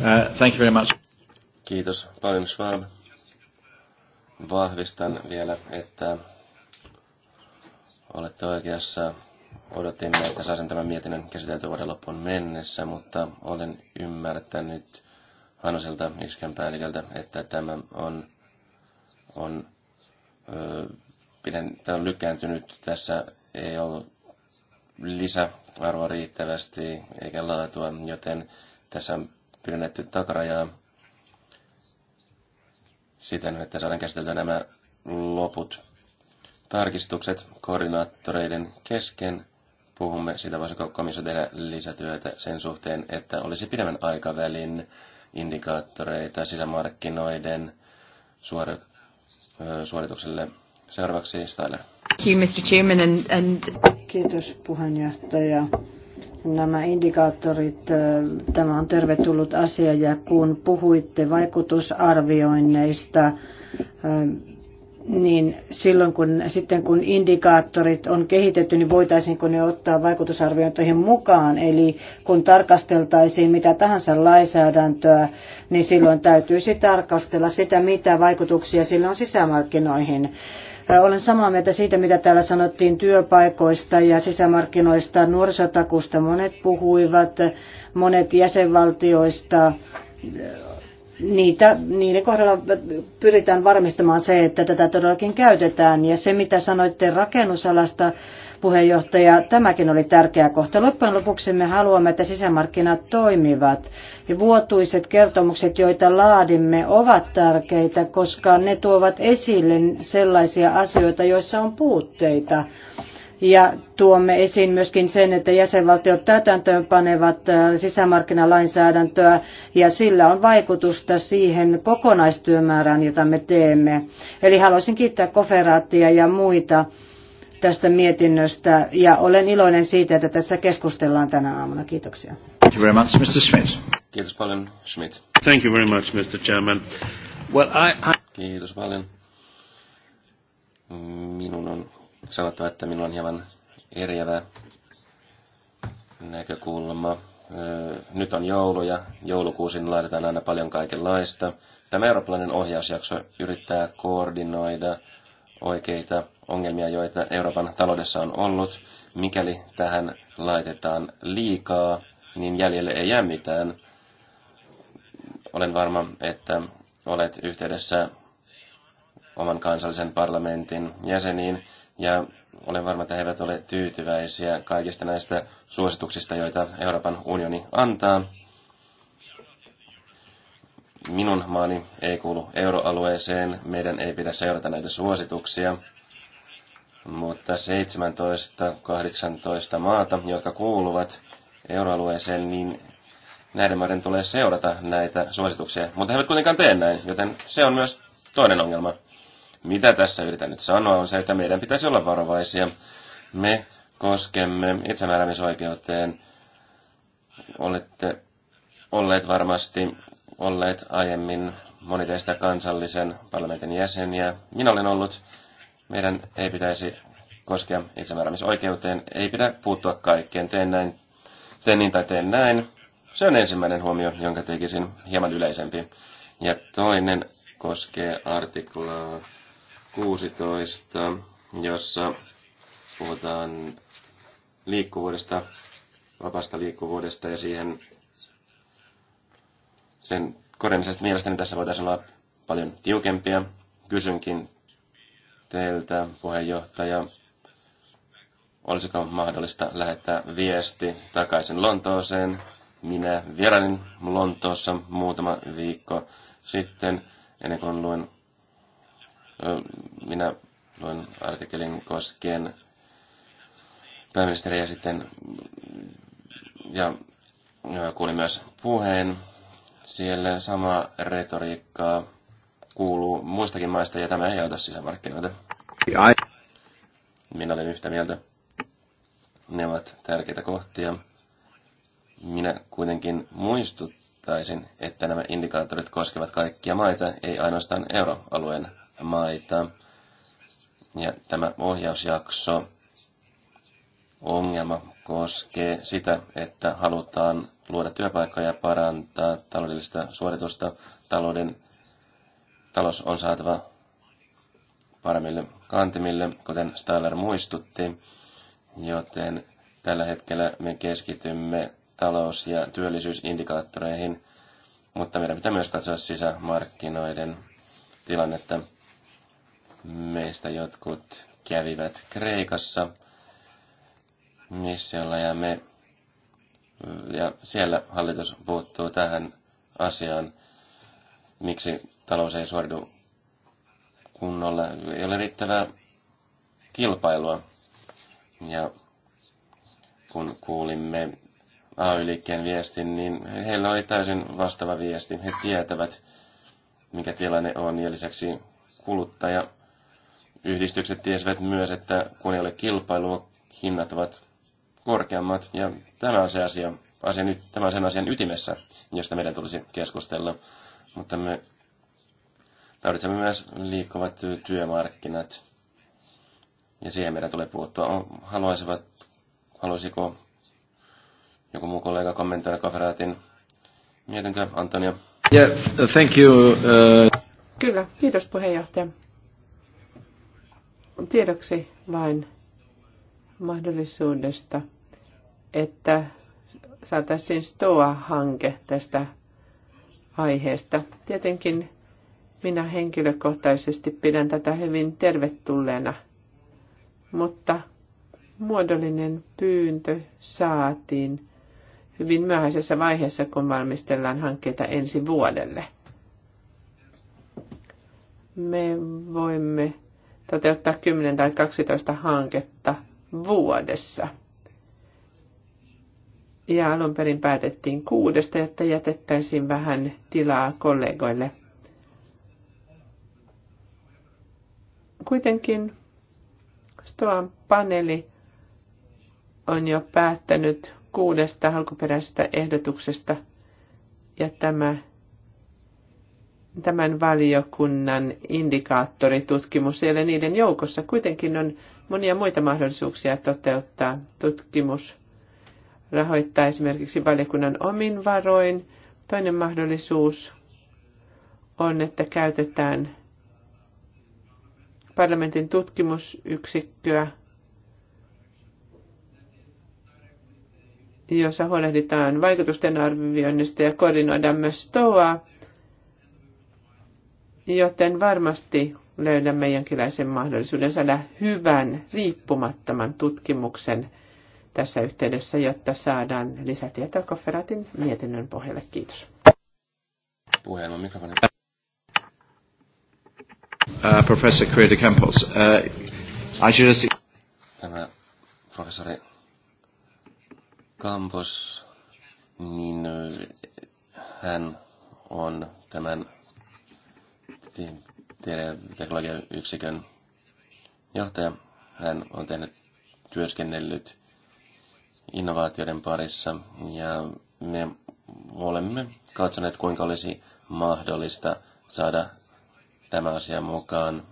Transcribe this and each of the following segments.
Uh, thank you very much. Kiitos paljon Schwab. Vahvistan vielä, että olette oikeassa. Odotimme, että saisin tämän mietinnön käsitelty vuoden loppuun mennessä, mutta olen ymmärtänyt Hanoselta Iskän päälliköltä, että tämä on, on ö, pidän, tämä on lykääntynyt. Tässä ei ollut lisäarvoa riittävästi eikä laatua, joten tässä on pidennetty takarajaa siten, että saadaan käsiteltyä nämä loput tarkistukset koordinaattoreiden kesken. Puhumme sitä, voisiko komissio tehdä lisätyötä sen suhteen, että olisi pidemmän aikavälin indikaattoreita sisämarkkinoiden suori, suoritukselle. Seuraavaksi Styler. Kiitos puheenjohtaja nämä indikaattorit, tämä on tervetullut asia ja kun puhuitte vaikutusarvioinneista, niin silloin kun, sitten kun indikaattorit on kehitetty, niin voitaisiinko ne ottaa vaikutusarviointoihin mukaan? Eli kun tarkasteltaisiin mitä tahansa lainsäädäntöä, niin silloin täytyisi tarkastella sitä, mitä vaikutuksia sillä on sisämarkkinoihin. Olen samaa mieltä siitä, mitä täällä sanottiin työpaikoista ja sisämarkkinoista, nuorisotakusta. Monet puhuivat, monet jäsenvaltioista. Niitä, niiden kohdalla pyritään varmistamaan se, että tätä todellakin käytetään. Ja se, mitä sanoitte rakennusalasta, puheenjohtaja, tämäkin oli tärkeä kohta. Loppujen lopuksi me haluamme, että sisämarkkinat toimivat. Ja vuotuiset kertomukset, joita laadimme, ovat tärkeitä, koska ne tuovat esille sellaisia asioita, joissa on puutteita. Ja tuomme esiin myöskin sen, että jäsenvaltiot täytäntöön panevat äh, sisämarkkinalainsäädäntöä ja sillä on vaikutusta siihen kokonaistyömäärään, jota me teemme. Eli haluaisin kiittää koferaattia ja muita tästä mietinnöstä ja olen iloinen siitä, että tästä keskustellaan tänä aamuna. Kiitoksia. Thank you very much, Mr. Schmidt. Kiitos paljon, Schmidt. Thank you very much, Mr. Chairman. Well, I, I... Kiitos paljon. Minun on sanottava, että minulla on hieman eriävä näkökulma. Nyt on joulu ja joulukuusin laitetaan aina paljon kaikenlaista. Tämä eurooppalainen ohjausjakso yrittää koordinoida oikeita ongelmia, joita Euroopan taloudessa on ollut. Mikäli tähän laitetaan liikaa, niin jäljelle ei jää mitään. Olen varma, että olet yhteydessä oman kansallisen parlamentin jäseniin, ja olen varma, että he eivät ole tyytyväisiä kaikista näistä suosituksista, joita Euroopan unioni antaa. Minun maani ei kuulu euroalueeseen, meidän ei pidä seurata näitä suosituksia mutta 17-18 maata, jotka kuuluvat euroalueeseen, niin näiden maiden tulee seurata näitä suosituksia. Mutta he eivät kuitenkaan tee näin, joten se on myös toinen ongelma. Mitä tässä yritän nyt sanoa on se, että meidän pitäisi olla varovaisia. Me koskemme itsemääräämisoikeuteen. Olette olleet varmasti olleet aiemmin moni teistä kansallisen parlamentin jäseniä. Minä olen ollut meidän ei pitäisi koskea itsemääräämisoikeuteen, ei pidä puuttua kaikkeen, teen näin, teen niin tai teen näin. Se on ensimmäinen huomio, jonka tekisin hieman yleisempi. Ja toinen koskee artiklaa 16, jossa puhutaan liikkuvuudesta, vapaasta liikkuvuudesta ja siihen sen korjaamisesta mielestäni tässä voitaisiin olla paljon tiukempia. Kysynkin teiltä, puheenjohtaja, olisiko mahdollista lähettää viesti takaisin Lontooseen. Minä vierailin Lontoossa muutama viikko sitten, ennen kuin luin, minä luin artikkelin koskien pääministeriä sitten, ja kuulin myös puheen siellä sama retoriikkaa kuuluu muistakin maista ja tämä ei auta sisämarkkinoita. Minä olen yhtä mieltä. Ne ovat tärkeitä kohtia. Minä kuitenkin muistuttaisin, että nämä indikaattorit koskevat kaikkia maita, ei ainoastaan euroalueen maita. Ja tämä ohjausjakso ongelma koskee sitä, että halutaan luoda työpaikkoja, parantaa taloudellista suoritusta, talouden Talous on saatava paremmille kantimille, kuten Styler muistutti, joten tällä hetkellä me keskitymme talous- ja työllisyysindikaattoreihin, mutta meidän pitää myös katsoa sisämarkkinoiden tilannetta. Meistä jotkut kävivät Kreikassa missiolla ja me ja siellä hallitus puuttuu tähän asiaan. Miksi talous ei suoridu kunnolla, ei ole riittävää kilpailua. Ja kun kuulimme AY-liikkeen viestin, niin heillä oli täysin vastaava viesti. He tietävät, mikä tilanne on, ja lisäksi kuluttaja yhdistykset tiesivät myös, että kun ei ole kilpailua, hinnat ovat korkeammat, ja tämä on se asia, asia nyt, tämä on sen asian ytimessä, josta meidän tulisi keskustella. Mutta me Tarvitsemme myös liikkuvat työmarkkinat. Ja siihen meidän tulee puuttua. Haluaisivat, haluaisiko joku muu kollega kommentoida Kaferaatin mietintöä? Antonio? Yeah, thank you. Uh... Kyllä, kiitos puheenjohtaja. Tiedoksi vain mahdollisuudesta, että saataisiin STOA-hanke tästä aiheesta. Tietenkin minä henkilökohtaisesti pidän tätä hyvin tervetulleena, mutta muodollinen pyyntö saatiin hyvin myöhäisessä vaiheessa, kun valmistellaan hankkeita ensi vuodelle. Me voimme toteuttaa 10 tai 12 hanketta vuodessa. Ja alun perin päätettiin kuudesta, että jätettäisiin vähän tilaa kollegoille Kuitenkin Stoan paneeli on jo päättänyt kuudesta alkuperäisestä ehdotuksesta ja tämä, tämän valiokunnan indikaattoritutkimus ei niiden joukossa. Kuitenkin on monia muita mahdollisuuksia toteuttaa tutkimus. Rahoittaa esimerkiksi valiokunnan omin varoin. Toinen mahdollisuus on, että käytetään parlamentin tutkimusyksikköä, jossa huolehditaan vaikutusten arvioinnista ja koordinoidaan myös toa, joten varmasti löydämme jonkinlaisen mahdollisuuden saada hyvän, riippumattoman tutkimuksen tässä yhteydessä, jotta saadaan lisätietoa Kofferatin mietinnön pohjalle. Kiitos. Puheenjohtaja mikrofoni. Uh, Professor Correa Campos. Uh, I should have... Tämä professori Campos, niin äh, hän on tämän teleteknologian yksikön johtaja. Hän on tehnyt työskennellyt innovaatioiden parissa ja me olemme katsoneet, kuinka olisi mahdollista saada tämä asia mukaan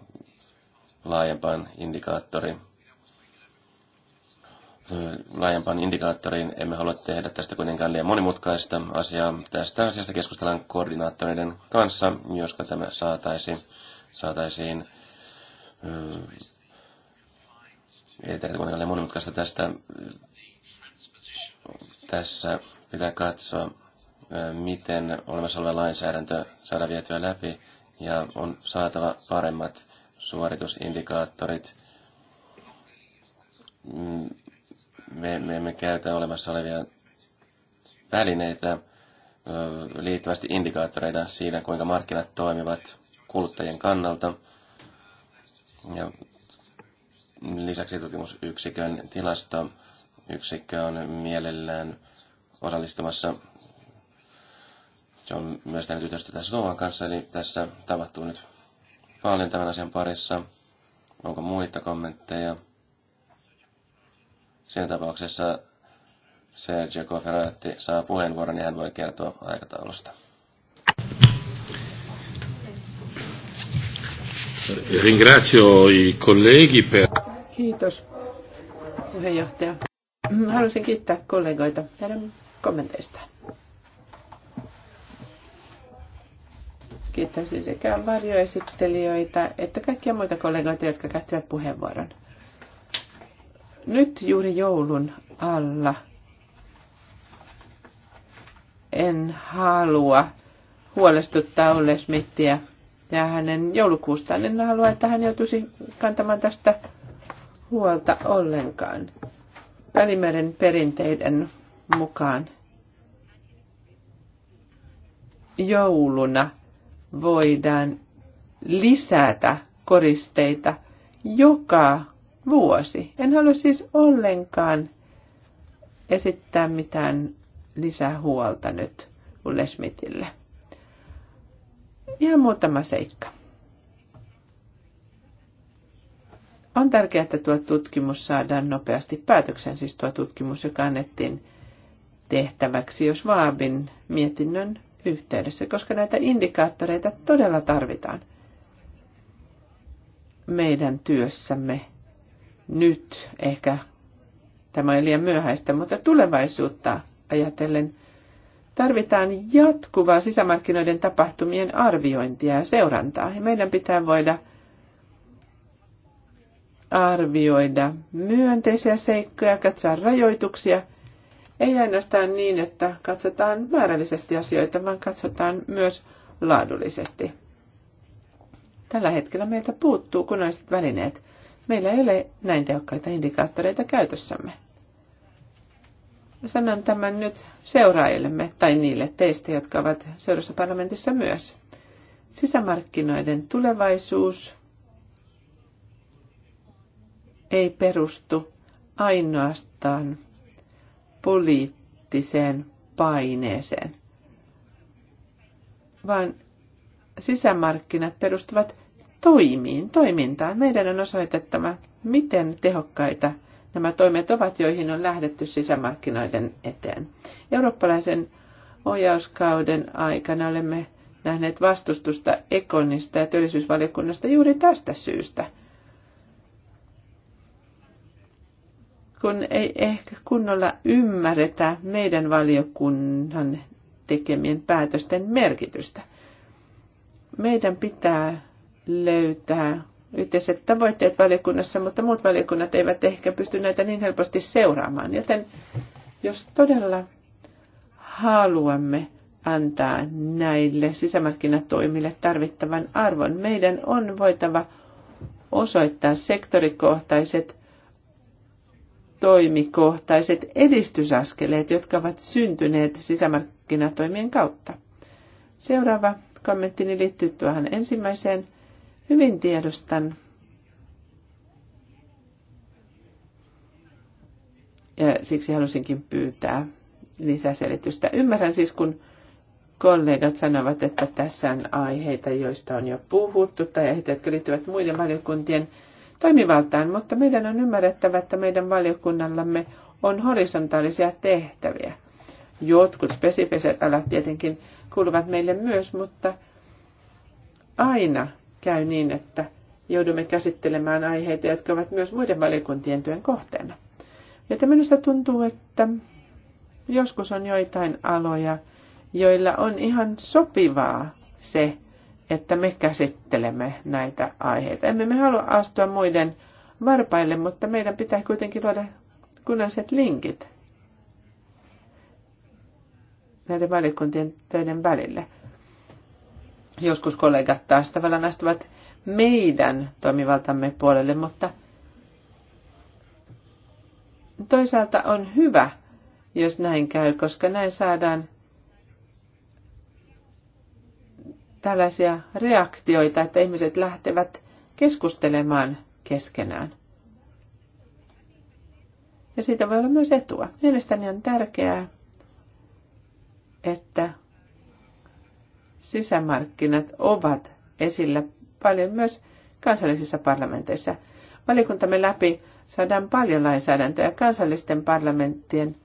laajempaan indikaattoriin. Laajempaan indikaattoriin emme halua tehdä tästä kuitenkaan liian monimutkaista asiaa. Tästä asiasta keskustellaan koordinaattoreiden kanssa, joska tämä saataisi, saataisiin ei tehdä kuitenkaan liian monimutkaista tästä. Tässä pitää katsoa, miten olemassa oleva lainsäädäntö saadaan vietyä läpi ja on saatava paremmat suoritusindikaattorit. Mm, me, me emme käytä olemassa olevia välineitä liittyvästi indikaattoreita siinä, kuinka markkinat toimivat kuluttajien kannalta. Ja lisäksi tutkimusyksikön yksikkö on mielellään osallistumassa se on myös tytöstä tässä Noan kanssa, eli tässä tapahtuu nyt paljon tämän asian parissa. Onko muita kommentteja? Siinä tapauksessa Sergio Koferaatti saa puheenvuoron, niin hän voi kertoa aikataulusta. Kiitos, puheenjohtaja. Haluaisin kiittää kollegoita heidän kommenteistaan. Kiittäisin sekä varjoesittelijöitä että kaikkia muita kollegoita, jotka käyttivät puheenvuoron. Nyt juuri joulun alla en halua huolestuttaa Olle Smithiä ja hänen joulukuustaan. En halua, että hän joutuisi kantamaan tästä huolta ollenkaan. Välimeren perinteiden mukaan jouluna voidaan lisätä koristeita joka vuosi. En halua siis ollenkaan esittää mitään lisähuolta nyt Ulle Smithille. Ihan muutama seikka. On tärkeää, että tuo tutkimus saadaan nopeasti päätöksen, siis tuo tutkimus, joka annettiin tehtäväksi, jos Vaabin mietinnön yhteydessä, koska näitä indikaattoreita todella tarvitaan meidän työssämme nyt. Ehkä tämä on liian myöhäistä, mutta tulevaisuutta ajatellen tarvitaan jatkuvaa sisämarkkinoiden tapahtumien arviointia ja seurantaa. Ja meidän pitää voida arvioida myönteisiä seikkoja, katsoa rajoituksia – ei ainoastaan niin, että katsotaan määrällisesti asioita, vaan katsotaan myös laadullisesti. Tällä hetkellä meiltä puuttuu kunnalliset välineet. Meillä ei ole näin tehokkaita indikaattoreita käytössämme. Sanon tämän nyt seuraajillemme tai niille teistä, jotka ovat seurassa parlamentissa myös. Sisämarkkinoiden tulevaisuus ei perustu ainoastaan poliittiseen paineeseen, vaan sisämarkkinat perustuvat toimiin, toimintaan. Meidän on osoitettava, miten tehokkaita nämä toimet ovat, joihin on lähdetty sisämarkkinoiden eteen. Eurooppalaisen ohjauskauden aikana olemme nähneet vastustusta Ekonista ja työllisyysvaliokunnasta juuri tästä syystä – kun ei ehkä kunnolla ymmärretä meidän valiokunnan tekemien päätösten merkitystä. Meidän pitää löytää yhteiset tavoitteet valiokunnassa, mutta muut valiokunnat eivät ehkä pysty näitä niin helposti seuraamaan. Joten jos todella haluamme antaa näille sisämarkkinatoimille tarvittavan arvon, meidän on voitava osoittaa sektorikohtaiset toimikohtaiset edistysaskeleet, jotka ovat syntyneet sisämarkkinatoimien kautta. Seuraava kommenttini liittyy tuohon ensimmäiseen. Hyvin tiedostan ja siksi halusinkin pyytää lisäselitystä. Ymmärrän siis, kun kollegat sanovat, että tässä on aiheita, joista on jo puhuttu, tai aiheita, jotka liittyvät muiden valiokuntien toimivaltaan, mutta meidän on ymmärrettävä, että meidän valiokunnallamme on horisontaalisia tehtäviä. Jotkut spesifiset alat tietenkin kuuluvat meille myös, mutta aina käy niin, että joudumme käsittelemään aiheita, jotka ovat myös muiden valiokuntien työn kohteena. Joten minusta tuntuu, että joskus on joitain aloja, joilla on ihan sopivaa se, että me käsittelemme näitä aiheita. Emme me halua astua muiden varpaille, mutta meidän pitää kuitenkin luoda kunnalliset linkit näiden valikuntien töiden välille. Joskus kollegat taas tavallaan astuvat meidän toimivaltamme puolelle, mutta toisaalta on hyvä, jos näin käy, koska näin saadaan tällaisia reaktioita, että ihmiset lähtevät keskustelemaan keskenään. Ja siitä voi olla myös etua. Mielestäni on tärkeää, että sisämarkkinat ovat esillä paljon myös kansallisissa parlamenteissa. Valiokuntamme läpi saadaan paljon lainsäädäntöä kansallisten parlamenttien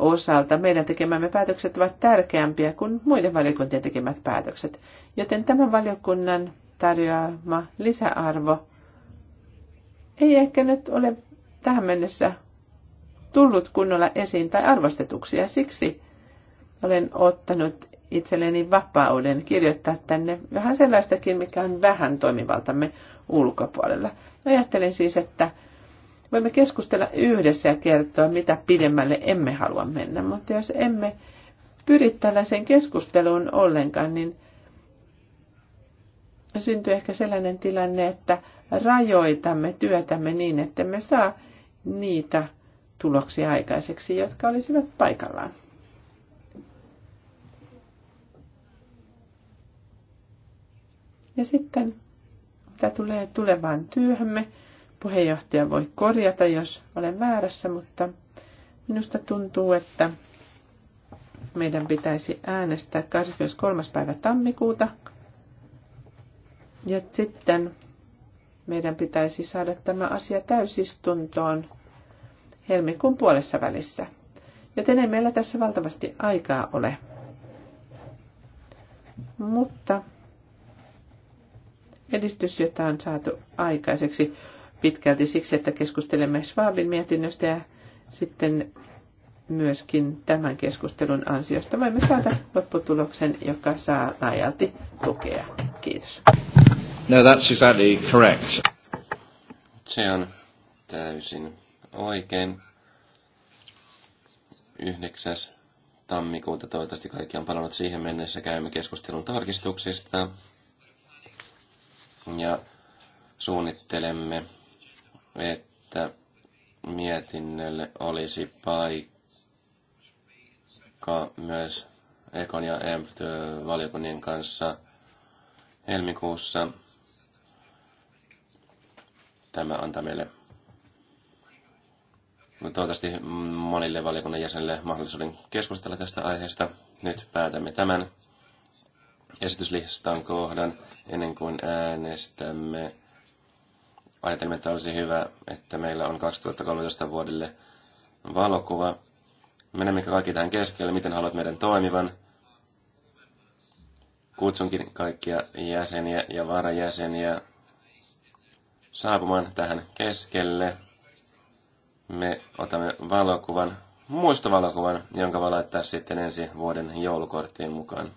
osalta meidän tekemämme päätökset ovat tärkeämpiä kuin muiden valiokuntien tekemät päätökset. Joten tämän valiokunnan tarjoama lisäarvo ei ehkä nyt ole tähän mennessä tullut kunnolla esiin tai arvostetuksi ja siksi olen ottanut itselleni vapauden kirjoittaa tänne vähän sellaistakin, mikä on vähän toimivaltamme ulkopuolella. Ajattelin siis, että Voimme keskustella yhdessä ja kertoa, mitä pidemmälle emme halua mennä, mutta jos emme pyri tällaiseen keskusteluun ollenkaan, niin syntyy ehkä sellainen tilanne, että rajoitamme työtämme niin, että me saa niitä tuloksia aikaiseksi, jotka olisivat paikallaan. Ja sitten, mitä tulee tulevaan työhömme, Puheenjohtaja voi korjata, jos olen väärässä, mutta minusta tuntuu, että meidän pitäisi äänestää 23. päivä tammikuuta. Ja sitten meidän pitäisi saada tämä asia täysistuntoon helmikuun puolessa välissä. Joten ei meillä tässä valtavasti aikaa ole. Mutta edistys, jota on saatu aikaiseksi, pitkälti siksi, että keskustelemme Schwabin mietinnöstä ja sitten myöskin tämän keskustelun ansiosta voimme saada lopputuloksen, joka saa laajalti tukea. Kiitos. No, that's exactly correct. Se on täysin oikein. 9. tammikuuta toivottavasti kaikki on palannut siihen mennessä. Käymme keskustelun tarkistuksista ja suunnittelemme että mietinnölle olisi paikka myös Ekon ja Empt-valiokunnien kanssa helmikuussa. Tämä antaa meille toivottavasti monille valiokunnan jäsenille mahdollisuuden keskustella tästä aiheesta. Nyt päätämme tämän esityslistan kohdan ennen kuin äänestämme Ajattelimme, että olisi hyvä, että meillä on 2013 vuodelle valokuva. Menemmekö kaikki tähän keskelle? Miten haluat meidän toimivan? Kutsunkin kaikkia jäseniä ja varajäseniä saapumaan tähän keskelle. Me otamme valokuvan, muistovalokuvan, jonka voi laittaa sitten ensi vuoden joulukorttiin mukaan.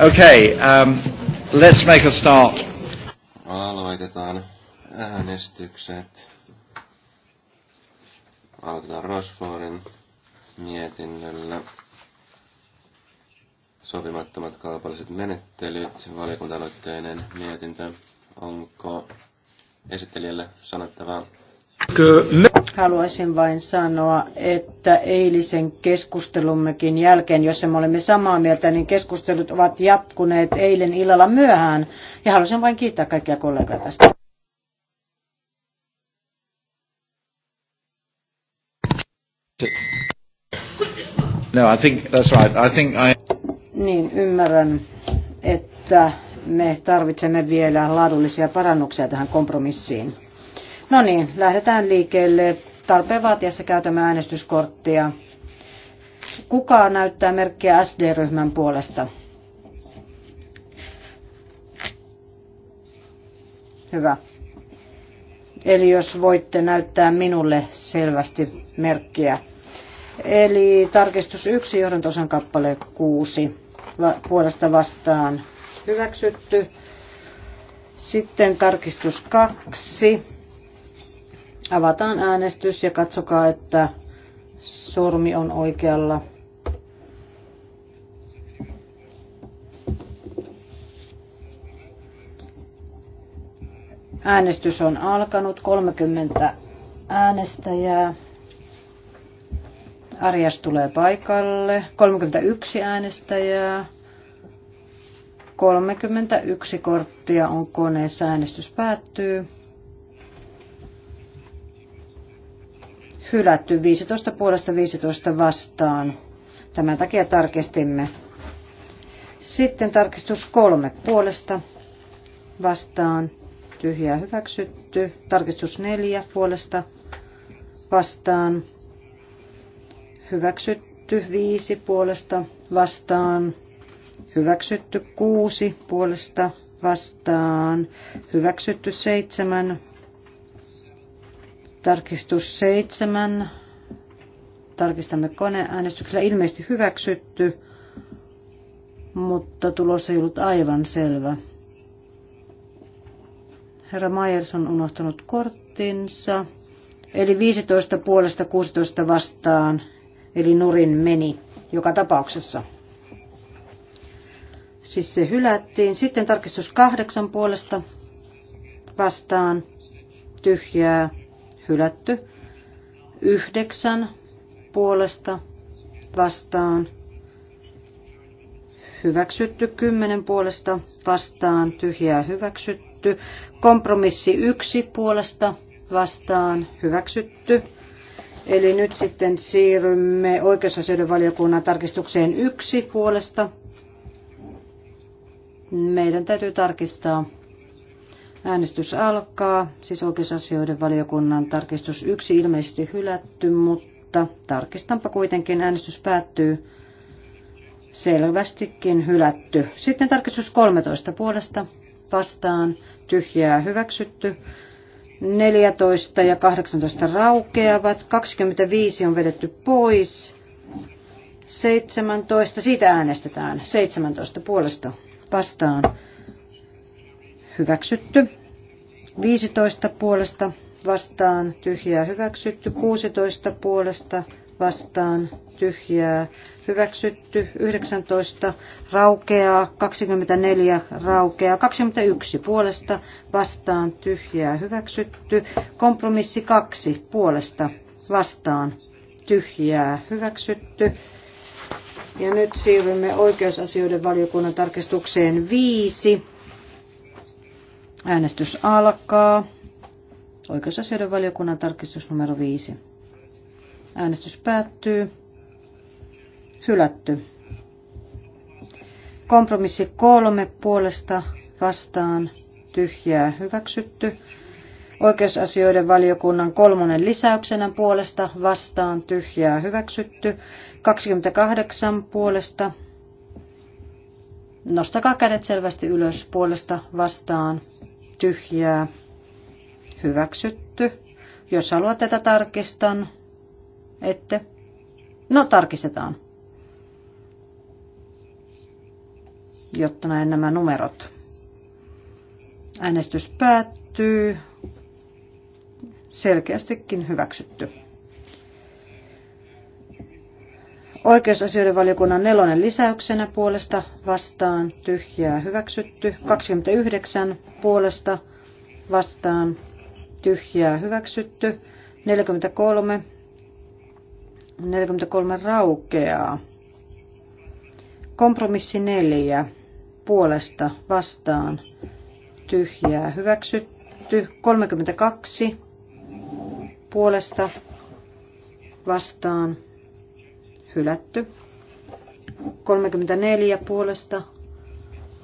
Okay, um, let's make a start. Aloitetaan äänestykset. Aloitetaan Rosfordin mietinnöllä. Sopimattomat kaupalliset menettelyt, valiokunta mietintö. Onko esittelijälle sanottavaa? Haluaisin vain sanoa, että eilisen keskustelummekin jälkeen, jos emme olemme samaa mieltä, niin keskustelut ovat jatkuneet eilen illalla myöhään. Ja haluaisin vain kiittää kaikkia kollegoja tästä. No, I think that's right. I think I... Niin, ymmärrän, että me tarvitsemme vielä laadullisia parannuksia tähän kompromissiin. No niin, lähdetään liikkeelle. Tarpeen vaatiessa käytämme äänestyskorttia. Kuka näyttää merkkiä SD-ryhmän puolesta? Hyvä. Eli jos voitte näyttää minulle selvästi merkkiä. Eli tarkistus 1, johdantosan kappale 6, puolesta vastaan hyväksytty. Sitten tarkistus 2, Avataan äänestys ja katsokaa, että sormi on oikealla. Äänestys on alkanut, 30 äänestäjää. Arjas tulee paikalle, 31 äänestäjää. 31 korttia on koneessa, äänestys päättyy. hylätty 15 puolesta 15 vastaan. Tämän takia tarkistimme. Sitten tarkistus kolme puolesta vastaan. Tyhjää hyväksytty. Tarkistus neljä puolesta vastaan. Hyväksytty viisi puolesta vastaan. Hyväksytty kuusi puolesta vastaan. Hyväksytty seitsemän Tarkistus seitsemän. Tarkistamme koneäänestyksellä. Ilmeisesti hyväksytty, mutta tulos ei ollut aivan selvä. Herra Myers on unohtanut korttinsa. Eli 15 puolesta 16 vastaan, eli nurin meni joka tapauksessa. Siis se hylättiin. Sitten tarkistus kahdeksan puolesta vastaan, tyhjää, hylätty. Yhdeksän puolesta vastaan hyväksytty. Kymmenen puolesta vastaan tyhjää hyväksytty. Kompromissi yksi puolesta vastaan hyväksytty. Eli nyt sitten siirrymme oikeusasioiden valiokunnan tarkistukseen yksi puolesta. Meidän täytyy tarkistaa Äänestys alkaa, siis oikeusasioiden valiokunnan tarkistus yksi ilmeisesti hylätty, mutta tarkistanpa kuitenkin äänestys päättyy selvästikin hylätty. Sitten tarkistus 13 puolesta vastaan tyhjää hyväksytty. 14 ja 18 raukeavat, 25 on vedetty pois, 17, siitä äänestetään, 17 puolesta vastaan hyväksytty. 15 puolesta vastaan tyhjää hyväksytty, 16 puolesta vastaan tyhjää hyväksytty, 19 raukeaa, 24 raukeaa, 21 puolesta vastaan tyhjää hyväksytty, kompromissi 2 puolesta vastaan tyhjää hyväksytty. Ja nyt siirrymme oikeusasioiden valiokunnan tarkistukseen 5 Äänestys alkaa. Oikeusasioiden valiokunnan tarkistus numero 5. Äänestys päättyy. Hylätty. Kompromissi kolme puolesta vastaan tyhjää hyväksytty. Oikeusasioiden valiokunnan kolmonen lisäyksenä puolesta vastaan tyhjää hyväksytty. 28 puolesta. Nostakaa kädet selvästi ylös puolesta vastaan tyhjää, hyväksytty. Jos haluat tätä tarkistan, ette. No tarkistetaan, jotta näen nämä numerot. Äänestys päättyy. Selkeästikin hyväksytty. Oikeusasioiden valiokunnan nelonen lisäyksenä puolesta vastaan tyhjää hyväksytty. 29 puolesta vastaan tyhjää hyväksytty. 43, 43 raukeaa. Kompromissi 4 puolesta vastaan tyhjää hyväksytty. 32 puolesta vastaan hylätty. 34 puolesta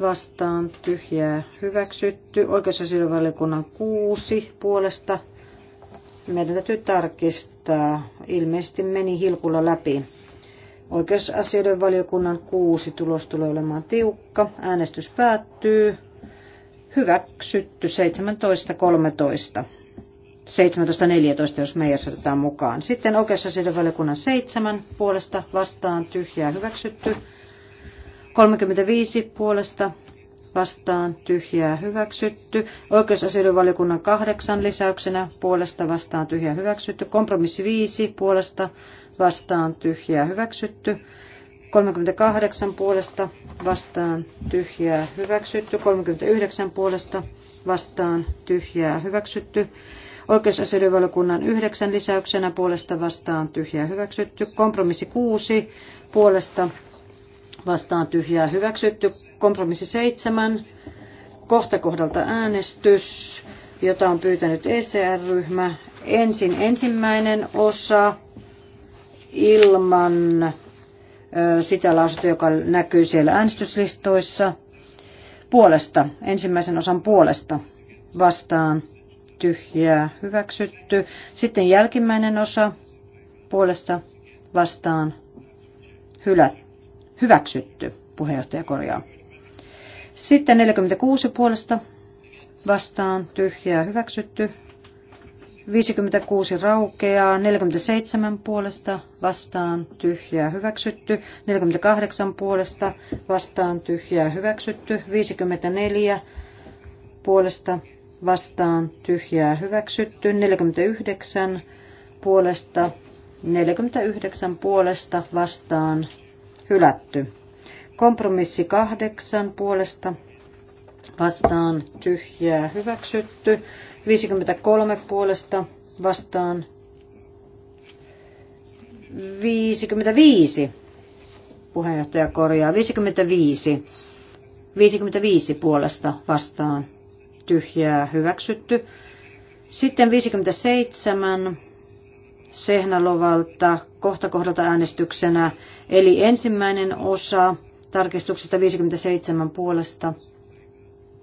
vastaan tyhjää hyväksytty. Oikeusasiovalikunnan 6 puolesta meidän täytyy tarkistaa. Ilmeisesti meni hilkulla läpi. Oikeusasioiden valiokunnan kuusi tulos tulee olemaan tiukka. Äänestys päättyy. Hyväksytty 17.13. 17.14, jos meijäs otetaan mukaan. Sitten oikeusasioiden valiokunnan 7 puolesta vastaan tyhjää hyväksytty. 35 puolesta vastaan tyhjää hyväksytty. Oikeusasioiden valiokunnan 8 lisäyksenä puolesta vastaan tyhjää hyväksytty. Kompromissi 5 puolesta vastaan tyhjää hyväksytty. 38 puolesta vastaan tyhjää hyväksytty. 39 puolesta vastaan tyhjää hyväksytty. Oikeusasioiden yhdeksän lisäyksenä puolesta vastaan tyhjää hyväksytty. Kompromissi kuusi puolesta vastaan tyhjää hyväksytty. Kompromissi seitsemän kohta kohdalta äänestys, jota on pyytänyt ECR-ryhmä. Ensin ensimmäinen osa ilman sitä lausetta, joka näkyy siellä äänestyslistoissa. Puolesta, ensimmäisen osan puolesta vastaan tyhjää hyväksytty. Sitten jälkimmäinen osa puolesta vastaan hylä, hyväksytty, puheenjohtaja korjaa. Sitten 46 puolesta vastaan tyhjää hyväksytty. 56 raukeaa, 47 puolesta vastaan tyhjää hyväksytty, 48 puolesta vastaan tyhjää hyväksytty, 54 puolesta vastaan tyhjää hyväksytty, 49 puolesta, 49 puolesta vastaan hylätty. Kompromissi 8 puolesta vastaan tyhjää hyväksytty, 53 puolesta vastaan 55 puheenjohtaja korjaa 55 55 puolesta vastaan tyhjää hyväksytty. Sitten 57 Sehnalovalta kohta kohdalta äänestyksenä, eli ensimmäinen osa tarkistuksesta 57 puolesta,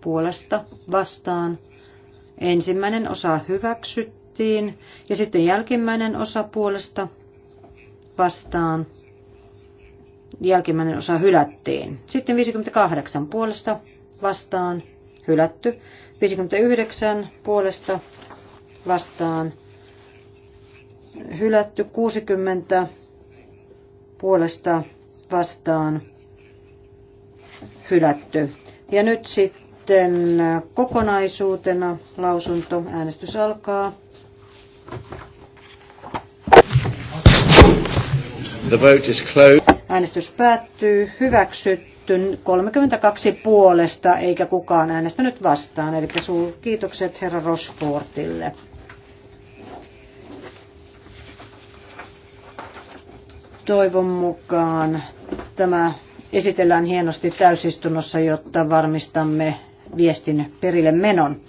puolesta vastaan. Ensimmäinen osa hyväksyttiin ja sitten jälkimmäinen osa puolesta vastaan. Jälkimmäinen osa hylättiin. Sitten 58 puolesta vastaan hylätty. 59 puolesta vastaan hylätty 60 puolesta vastaan hylätty. Ja nyt sitten kokonaisuutena lausunto. Äänestys alkaa. The vote is closed. Äänestys päättyy. Hyväksytty äänestetty 32 puolesta eikä kukaan äänestänyt vastaan. Eli kiitokset herra Rosfortille. Toivon mukaan tämä esitellään hienosti täysistunnossa, jotta varmistamme viestin perille menon.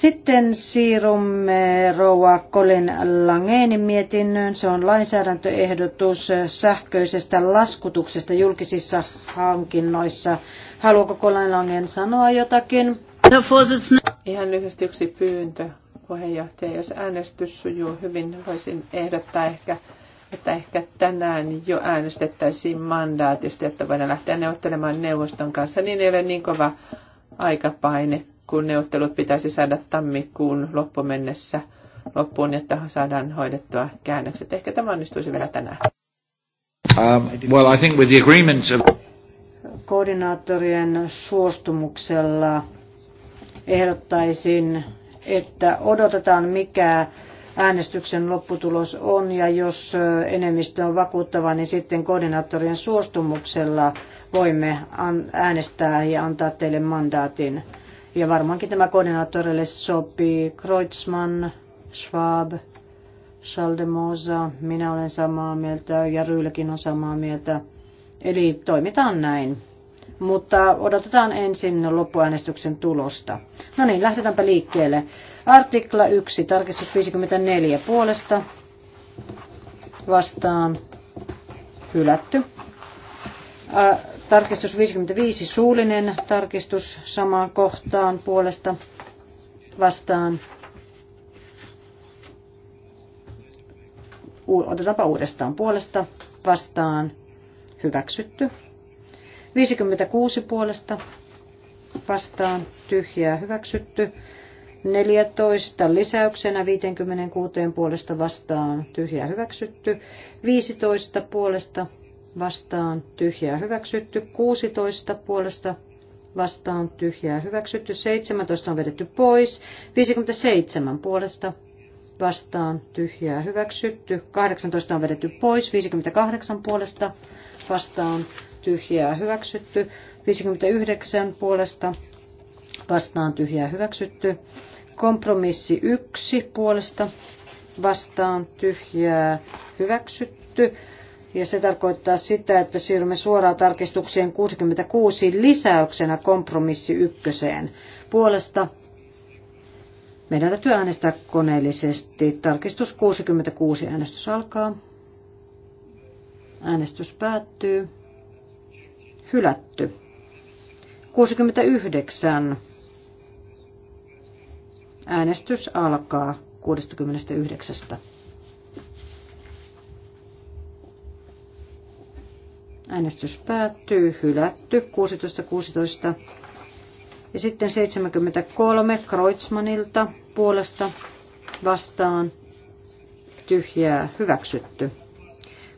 Sitten siirrymme rouva Colin Langenin mietinnön. Se on lainsäädäntöehdotus sähköisestä laskutuksesta julkisissa hankinnoissa. Haluaako Colin Langeen sanoa jotakin? Ihan lyhyesti yksi pyyntö puheenjohtaja. Jos äänestys sujuu hyvin, voisin ehdottaa ehkä että ehkä tänään jo äänestettäisiin mandaatista, että voidaan lähteä neuvottelemaan neuvoston kanssa, niin ei ole niin kova aikapaine kun neuvottelut pitäisi saada tammikuun loppuun mennessä loppuun, että saadaan hoidettua käännökset. Ehkä tämä onnistuisi vielä tänään. Um, well, I think with the agreement of... Koordinaattorien suostumuksella ehdottaisin, että odotetaan mikä äänestyksen lopputulos on ja jos enemmistö on vakuuttava, niin sitten koordinaattorien suostumuksella voimme äänestää ja antaa teille mandaatin ja varmaankin tämä koordinaattorille sopii. Kreutzmann, Schwab, Schaldemosa, minä olen samaa mieltä ja Ryylläkin on samaa mieltä. Eli toimitaan näin. Mutta odotetaan ensin loppuäänestyksen tulosta. No niin, lähdetäänpä liikkeelle. Artikla 1, tarkistus 54 puolesta. Vastaan hylätty. Tarkistus 55, suullinen tarkistus samaan kohtaan puolesta vastaan. Otetaanpa uudestaan puolesta vastaan. Hyväksytty. 56 puolesta vastaan. Tyhjää hyväksytty. 14 lisäyksenä 56 puolesta vastaan tyhjää hyväksytty, 15 puolesta vastaan tyhjää hyväksytty, 16 puolesta vastaan tyhjää hyväksytty, 17 on vedetty pois, 57 puolesta vastaan tyhjää hyväksytty, 18 on vedetty pois, 58 puolesta vastaan tyhjää hyväksytty, 59 puolesta vastaan tyhjää hyväksytty, kompromissi 1 puolesta vastaan tyhjää hyväksytty, ja se tarkoittaa sitä, että siirrymme suoraan tarkistukseen 66 lisäyksenä kompromissi ykköseen puolesta. Meidän täytyy äänestää koneellisesti. Tarkistus 66 äänestys alkaa. Äänestys päättyy. Hylätty. 69. Äänestys alkaa 69. Äänestys päättyy. Hylätty. 16.16. Ja sitten 73 Kreutzmanilta puolesta vastaan. Tyhjää. Hyväksytty.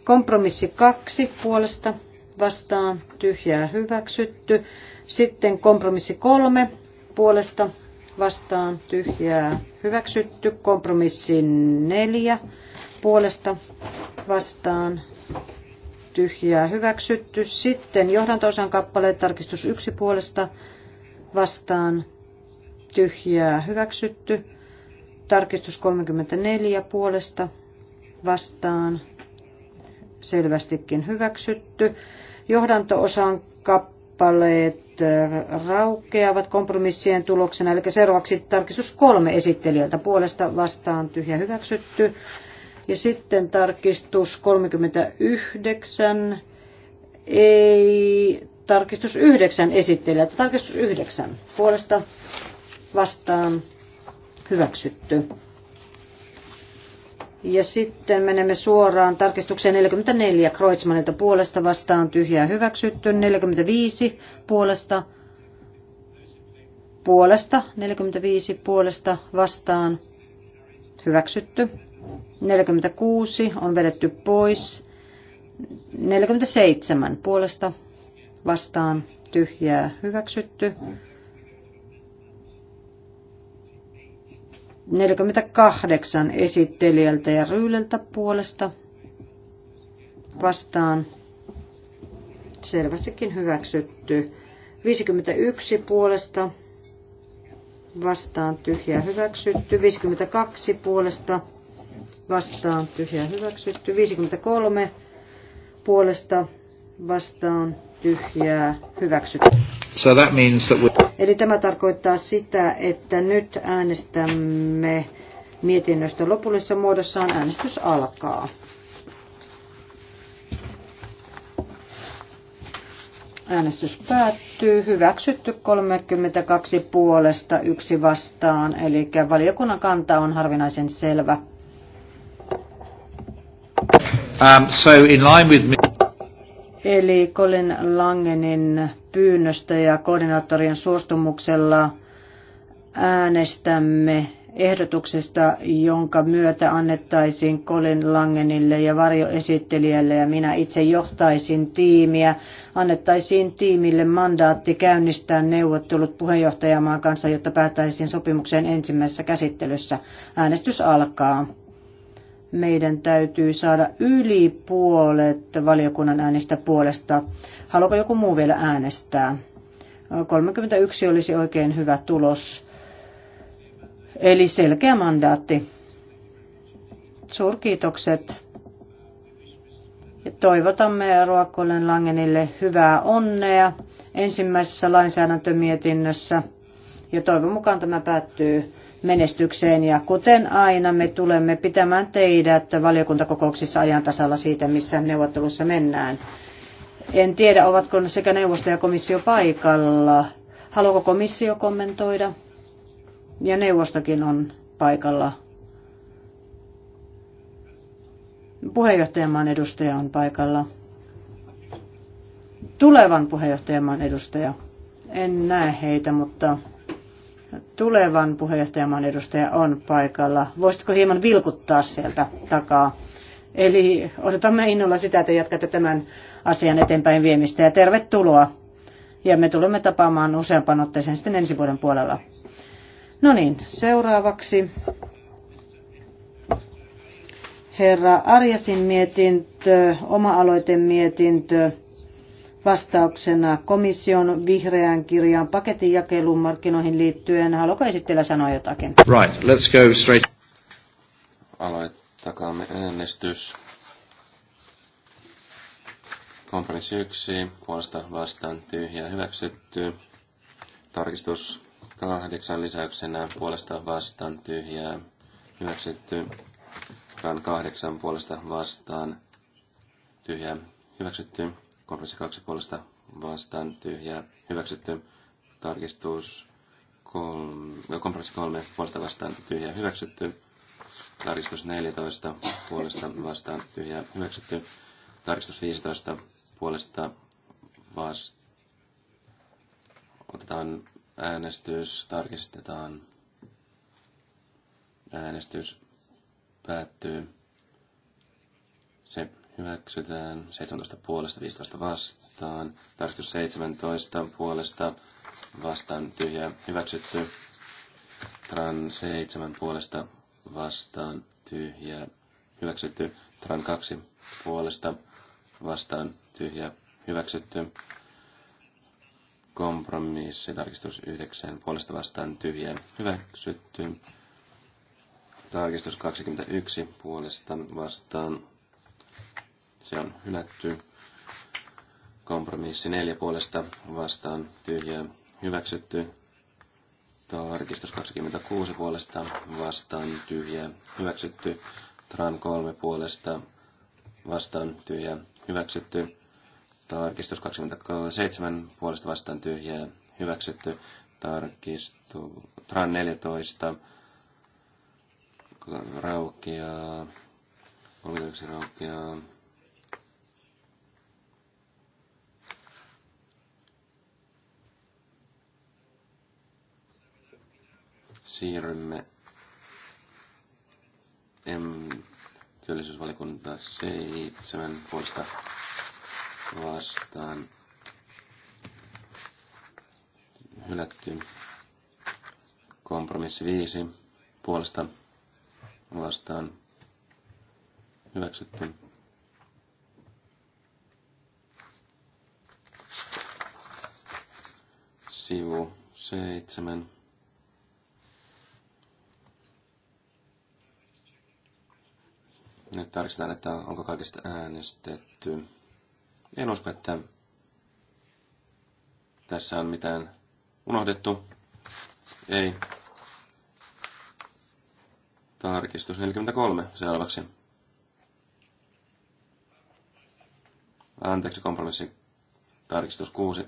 Kompromissi 2 puolesta vastaan. Tyhjää. Hyväksytty. Sitten kompromissi 3 puolesta vastaan. Tyhjää. Hyväksytty. Kompromissi 4 puolesta vastaan tyhjää hyväksytty. Sitten johdantoosan kappaleet tarkistus yksi puolesta vastaan tyhjää hyväksytty. Tarkistus 34 puolesta vastaan selvästikin hyväksytty. Johdanto-osan kappaleet äh, raukeavat kompromissien tuloksena, eli seuraavaksi tarkistus kolme esittelijältä puolesta vastaan tyhjä hyväksytty. Ja sitten tarkistus 39, ei, tarkistus 9 esittelijältä, tarkistus 9 puolesta vastaan hyväksytty. Ja sitten menemme suoraan tarkistukseen 44 Kreutzmannilta puolesta vastaan tyhjää hyväksytty, 45 puolesta puolesta, 45 puolesta vastaan hyväksytty. 46 on vedetty pois. 47 puolesta vastaan tyhjää hyväksytty. 48 esittelijältä ja Ryyleltä puolesta vastaan selvästikin hyväksytty. 51 puolesta vastaan tyhjää hyväksytty. 52 puolesta vastaan tyhjä hyväksytty. 53 puolesta vastaan tyhjää hyväksytty. So that means that we... Eli tämä tarkoittaa sitä, että nyt äänestämme mietinnöstä lopullisessa muodossaan. Äänestys alkaa. Äänestys päättyy. Hyväksytty 32 puolesta, yksi vastaan. Eli valiokunnan kanta on harvinaisen selvä. Um, so in line with me... Eli Colin Langenin pyynnöstä ja koordinaattorien suostumuksella äänestämme ehdotuksesta, jonka myötä annettaisiin Colin Langenille ja varjoesittelijälle ja minä itse johtaisin tiimiä. Annettaisiin tiimille mandaatti käynnistää neuvottelut puheenjohtajamaan kanssa, jotta päättäisiin sopimukseen ensimmäisessä käsittelyssä. Äänestys alkaa meidän täytyy saada yli puolet valiokunnan äänestä puolesta. Haluaako joku muu vielä äänestää? 31 olisi oikein hyvä tulos. Eli selkeä mandaatti. Suurkiitokset. Ja toivotamme Ruokkolen Langenille hyvää onnea ensimmäisessä lainsäädäntömietinnössä. Ja toivon mukaan tämä päättyy menestykseen. Ja kuten aina me tulemme pitämään teidät valiokuntakokouksissa ajan tasalla siitä, missä neuvottelussa mennään. En tiedä, ovatko sekä neuvosto ja komissio paikalla. Haluaako komissio kommentoida? Ja neuvostokin on paikalla. Puheenjohtajamaan edustaja on paikalla. Tulevan puheenjohtajamaan edustaja. En näe heitä, mutta tulevan puheenjohtajamaan edustaja on paikalla. Voisitko hieman vilkuttaa sieltä takaa? Eli odotamme innolla sitä, että jatkatte tämän asian eteenpäin viemistä ja tervetuloa. Ja me tulemme tapaamaan useampaan otteeseen sitten ensi vuoden puolella. No niin, seuraavaksi herra Arjasin mietintö, oma-aloitemietintö. mietintö vastauksena komission vihreään kirjaan paketin jakelumarkkinoihin markkinoihin liittyen. Haluatko esittelijä sanoa jotakin? Right, let's go straight. Aloittakaamme äänestys. Kompromissi yksi, puolesta vastaan tyhjä hyväksytty. Tarkistus kahdeksan lisäyksenä puolesta vastaan tyhjä hyväksytty. Kahdeksan puolesta vastaan tyhjä hyväksytty. Kompromissi kaksi puolesta vastaan tyhjää hyväksytty. Tarkistus kolme, no, kompromissi kolme puolesta vastaan tyhjää hyväksytty. Tarkistus 14 puolesta vastaan tyhjää hyväksytty. Tarkistus 15 puolesta vastaan. Otetaan äänestys, tarkistetaan. Äänestys päättyy. Sep hyväksytään 17 puolesta, 15 vastaan, tarkistus 17 puolesta, vastaan tyhjä. hyväksytty, tran 7 puolesta, vastaan tyhjä. hyväksytty, tran 2 puolesta, vastaan tyhjä. hyväksytty, kompromissi, tarkistus 9 puolesta, vastaan tyhjä. hyväksytty, tarkistus 21 puolesta, vastaan se on hylätty. Kompromissi neljä puolesta vastaan tyhjää hyväksytty. Tarkistus 26 puolesta vastaan tyhjää hyväksytty. Tran 3 puolesta vastaan tyhjää hyväksytty. Tarkistus 27 puolesta vastaan tyhjää hyväksytty. Tarkistu, Tran 14 raukeaa, 31 raukeaa, siirrymme M työllisyysvalikunta 7 poista vastaan hylätty. Kompromissi 5 puolesta vastaan hyväksytty. Sivu 7. Nyt tarkistetaan, että onko kaikista äänestetty. En usko, että tässä on mitään unohdettu. Ei. Tarkistus 43 seuraavaksi. Anteeksi, kompromissi tarkistus 6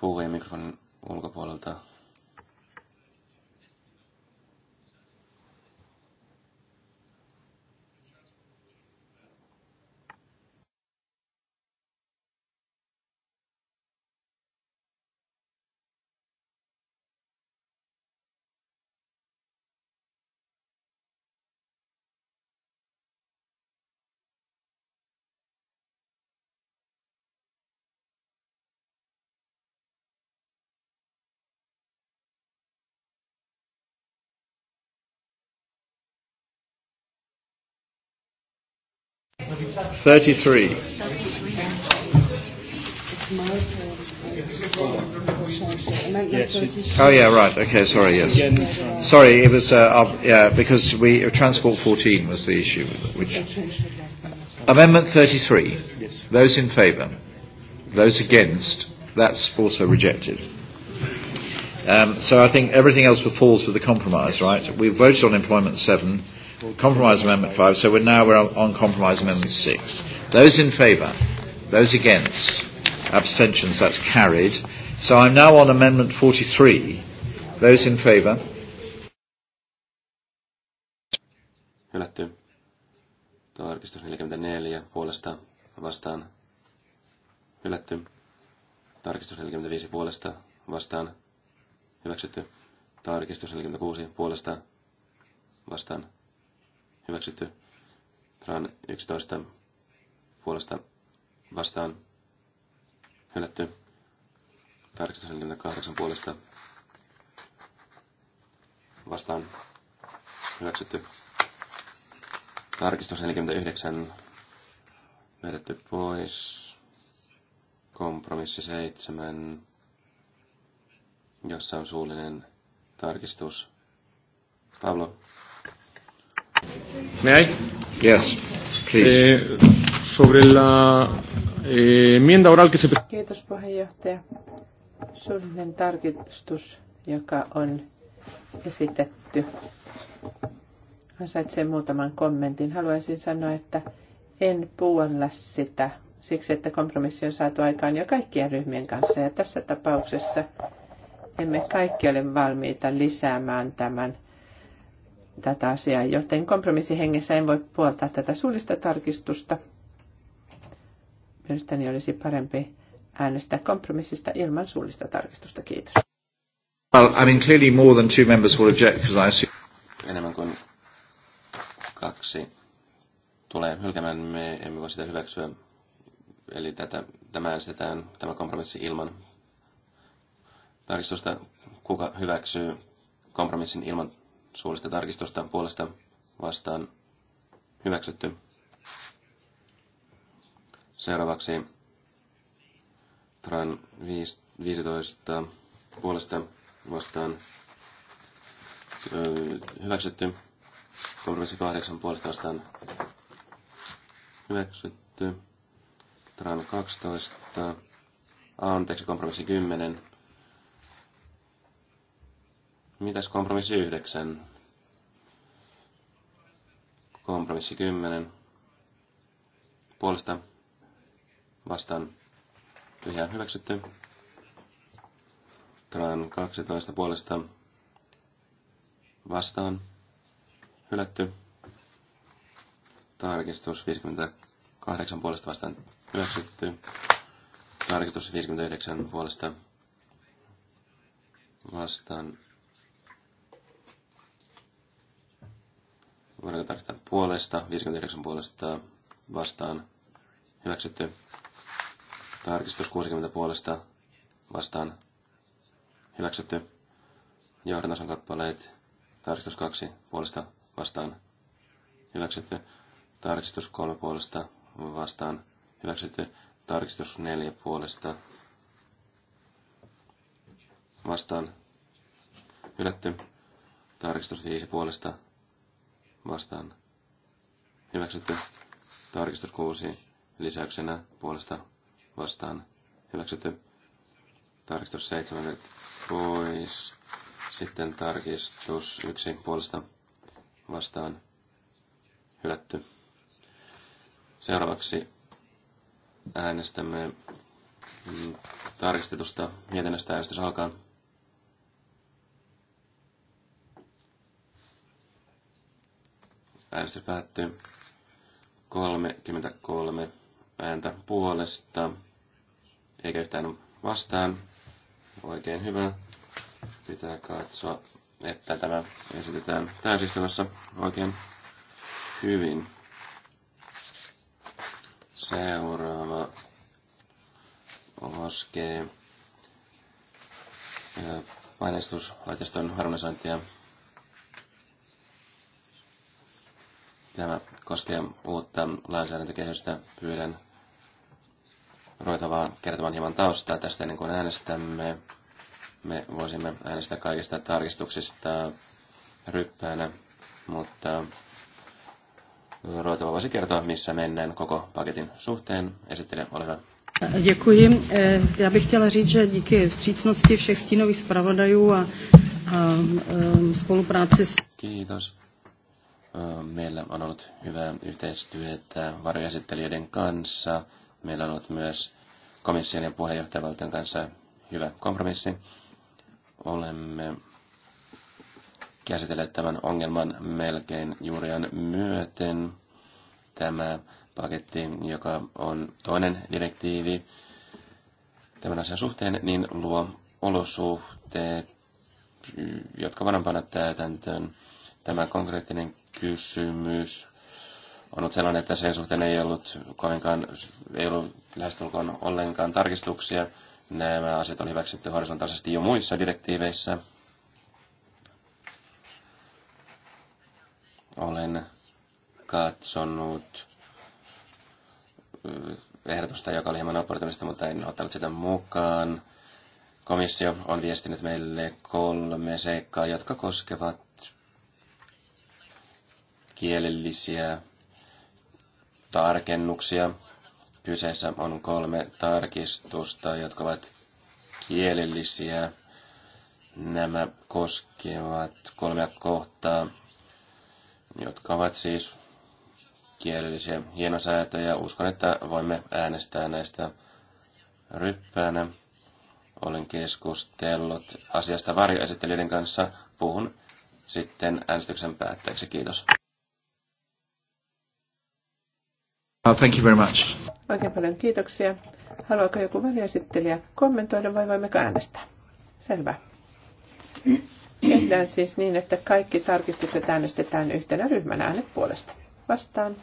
puhujamikrofonin ulkopuolelta. 33. Yes. Oh yeah, right. Okay, sorry. Yes, sorry. It was uh, uh, yeah, because we uh, transport 14 was the issue, which amendment 33. Yes. Those in favour, those against. That's also rejected. Um, so I think everything else falls with the compromise, right? We've voted on employment 7. Compromise Amendment 5. So we're now we're on, on Compromise Amendment 6. Those in favour? Those against? Abstentions? That's carried. So I'm now on Amendment 43. Those in favour? Hylätty. Tarkistus 44 puolesta vastaan. Hylätty. Tarkistus 45 puolesta vastaan. Hyväksytty. Tarkistus 46 puolesta vastaan hyväksytty. Tran 11 puolesta vastaan hylätty. Tarkistus puolesta vastaan hyväksytty. Tarkistus 49 vedetty pois. Kompromissi 7, jossa on suullinen tarkistus. Pablo, May I? Yes, please. Eh, sobre la eh, enmienda oral que se... Kiitos puheenjohtaja. tarkistus, joka on esitetty. Ansaitsee muutaman kommentin. Haluaisin sanoa, että en puolla sitä siksi, että kompromissi on saatu aikaan jo kaikkien ryhmien kanssa. Ja tässä tapauksessa emme kaikki ole valmiita lisäämään tämän tätä asiaa, joten kompromissihengessä en voi puoltaa tätä suullista tarkistusta. Mielestäni olisi parempi äänestää kompromissista ilman suullista tarkistusta. Kiitos. Well, I mean, clearly more than two members will object because I assume... Enemmän kuin kaksi tulee hylkämään, me emme voi sitä hyväksyä. Eli tätä, tämä äänestetään, tämä kompromissi ilman tarkistusta. Kuka hyväksyy kompromissin ilman suullista tarkistusta puolesta vastaan hyväksytty. Seuraavaksi Tran 15 puolesta vastaan hyväksytty. Kompromissi 8 puolesta vastaan hyväksytty. Tran 12. anteeksi, kompromissi 10 Mitäs kompromissi 9? Kompromissi 10. Puolesta vastaan tyhjää hyväksytty. Tran 12 puolesta vastaan hylätty. Tarkistus 58 puolesta vastaan hyväksytty. Tarkistus 59 puolesta vastaan Voidaanko tarkistaa puolesta? 59 puolesta vastaan. Hyväksytty. Tarkistus 60 puolesta vastaan. Hyväksytty. Johdantason kappaleet. Tarkistus 2 puolesta vastaan. Hyväksytty. Tarkistus 3 puolesta vastaan. Hyväksytty. Tarkistus 4 puolesta vastaan. Hylätty. Tarkistus 5 puolesta vastaan hyväksytty. Tarkistus 6 lisäyksenä puolesta vastaan hyväksytty. Tarkistus 7 nyt pois. Sitten tarkistus 1 puolesta vastaan hylätty. Seuraavaksi äänestämme tarkistetusta mietinnöstä äänestys alkaa. Äänestys päättyy 33 ääntä puolesta, eikä yhtään vastaan. Oikein hyvä. Pitää katsoa, että tämä esitetään täysistunnossa oikein hyvin. Seuraava koskee paineistuslaitoston harmonisointia Tämä koskee uutta lainsäädäntökehystä. Pyydän Roitavaa kertomaan hieman taustaa tästä ennen kuin äänestämme. Me voisimme äänestää kaikista tarkistuksista ryppäänä, mutta Roitava voisi kertoa, missä mennään koko paketin suhteen. Esittelen, ole hyvä. Děkuji. Eh, já bych chtěla říct, že díky vstřícnosti všech stínových zpravodajů a, a, a spolupráci s... Kiitos. Meillä on ollut hyvää yhteistyötä varjoesittelijöiden kanssa. Meillä on ollut myös komission ja puheenjohtajavaltion kanssa hyvä kompromissi. Olemme käsitelleet tämän ongelman melkein juurian myöten. Tämä paketti, joka on toinen direktiivi tämän asian suhteen, niin luo olosuhteet, jotka voidaan panna täytäntöön. Tämä konkreettinen kysymys on ollut sellainen, että sen suhteen ei ollut kovinkaan, ei ollut lähestulkoon ollenkaan tarkistuksia. Nämä asiat oli hyväksytty horisontaalisesti jo muissa direktiiveissä. Olen katsonut ehdotusta, joka oli hieman opportunista, mutta en ottanut sitä mukaan. Komissio on viestinyt meille kolme seikkaa, jotka koskevat kielellisiä tarkennuksia. Kyseessä on kolme tarkistusta, jotka ovat kielellisiä. Nämä koskevat kolmea kohtaa, jotka ovat siis kielellisiä hienosäätöjä. Uskon, että voimme äänestää näistä ryppäänä. Olen keskustellut asiasta varjoesittelijöiden kanssa. Puhun sitten äänestyksen päätteeksi. Kiitos. Oh, thank you very much. Oikein paljon kiitoksia. Haluaako joku väliesittelijä kommentoida vai voimme äänestää? Selvä. Tehdään siis niin, että kaikki tarkistukset äänestetään yhtenä ryhmänä äänet puolesta. Vastaan.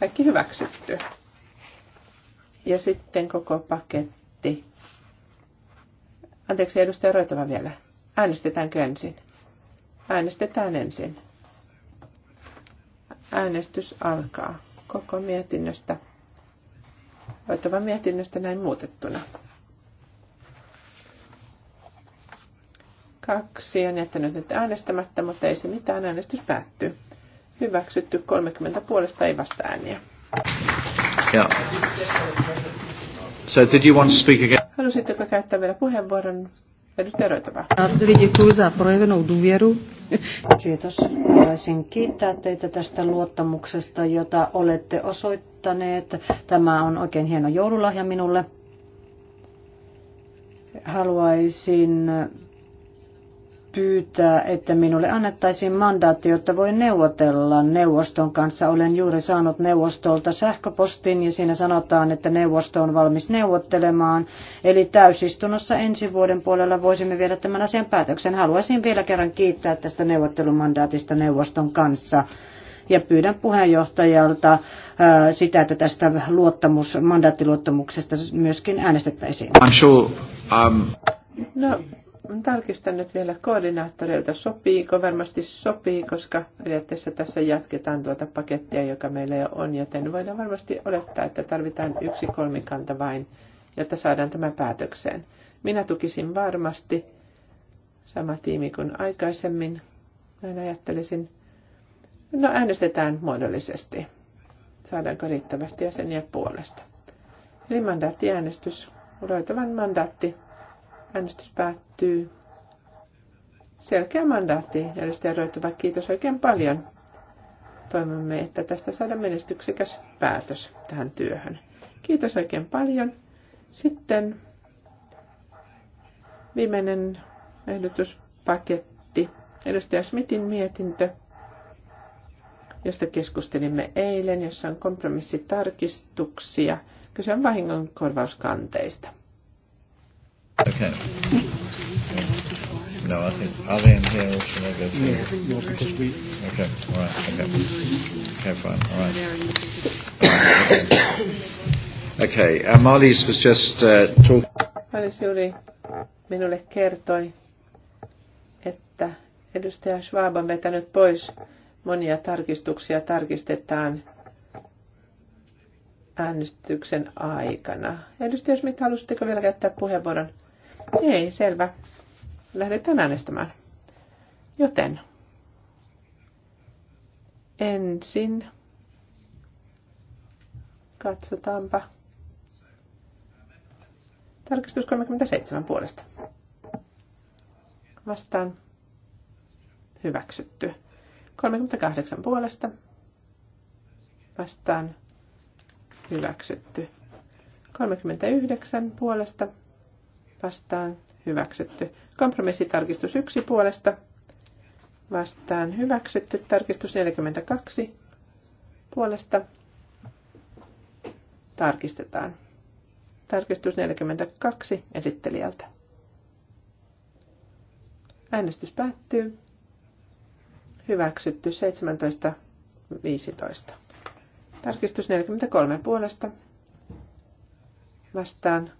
Kaikki hyväksytty. Ja sitten koko paketti. Anteeksi, edustaja Roitava vielä. Äänestetäänkö ensin? Äänestetään ensin. Äänestys alkaa koko mietinnöstä, hoitava mietinnöstä näin muutettuna. Kaksi on jättänyt nyt äänestämättä, mutta ei se mitään. Äänestys päättyy. Hyväksytty 30 puolesta ei vasta ääniä. Yeah. So did you want to speak again? Halusitteko käyttää vielä puheenvuoron Edustaja Röytävä. Kiitos. Haluaisin kiittää teitä tästä luottamuksesta, jota olette osoittaneet. Tämä on oikein hieno joululahja minulle. Haluaisin pyytää, että minulle annettaisiin mandaatti, jotta voin neuvotella neuvoston kanssa. Olen juuri saanut neuvostolta sähköpostin ja siinä sanotaan, että neuvosto on valmis neuvottelemaan. Eli täysistunnossa ensi vuoden puolella voisimme viedä tämän asian päätöksen. Haluaisin vielä kerran kiittää tästä neuvottelumandaatista neuvoston kanssa. Ja pyydän puheenjohtajalta äh, sitä, että tästä luottamus, mandaattiluottamuksesta myöskin äänestettäisiin. I'm sure, um... no, tarkistan nyt vielä koordinaattoreilta, sopiiko, varmasti sopii, koska periaatteessa tässä jatketaan tuota pakettia, joka meillä jo on, joten voidaan varmasti olettaa, että tarvitaan yksi kolmikanta vain, jotta saadaan tämä päätökseen. Minä tukisin varmasti, sama tiimi kuin aikaisemmin, näin ajattelisin. No äänestetään muodollisesti. Saadaanko riittävästi jäseniä puolesta? Eli mandaattiäänestys, uroitavan mandaatti Äänestys päättyy. Selkeä mandaatti, järjestäjä Roituva. Kiitos oikein paljon. Toivomme, että tästä saadaan menestyksekäs päätös tähän työhön. Kiitos oikein paljon. Sitten viimeinen ehdotuspaketti, edustaja Smithin mietintö, josta keskustelimme eilen, jossa on kompromissitarkistuksia. Kyse on vahingonkorvauskanteista. Okay. No, I think are they in here or should I go through? Yeah, I think you're because we. Okay. All right. Okay. Okay. Fine. All right. okay. okay. Uh, Marlies was just uh, talking. Marlies juuri minulle kertoi, että edustaja Schwab on vetänyt pois monia tarkistuksia tarkistetaan äänestyksen aikana. Edustaja Smith, halusitteko vielä käyttää puheenvuoron? Ei, selvä. Lähdetään äänestämään. Joten ensin katsotaanpa. Tarkistus 37 puolesta. Vastaan hyväksytty. 38 puolesta. Vastaan hyväksytty. 39 puolesta vastaan hyväksytty. Kompromissitarkistus 1 puolesta vastaan hyväksytty. Tarkistus 42 puolesta tarkistetaan. Tarkistus 42 esittelijältä. Äänestys päättyy. Hyväksytty 17.15. Tarkistus 43 puolesta. Vastaan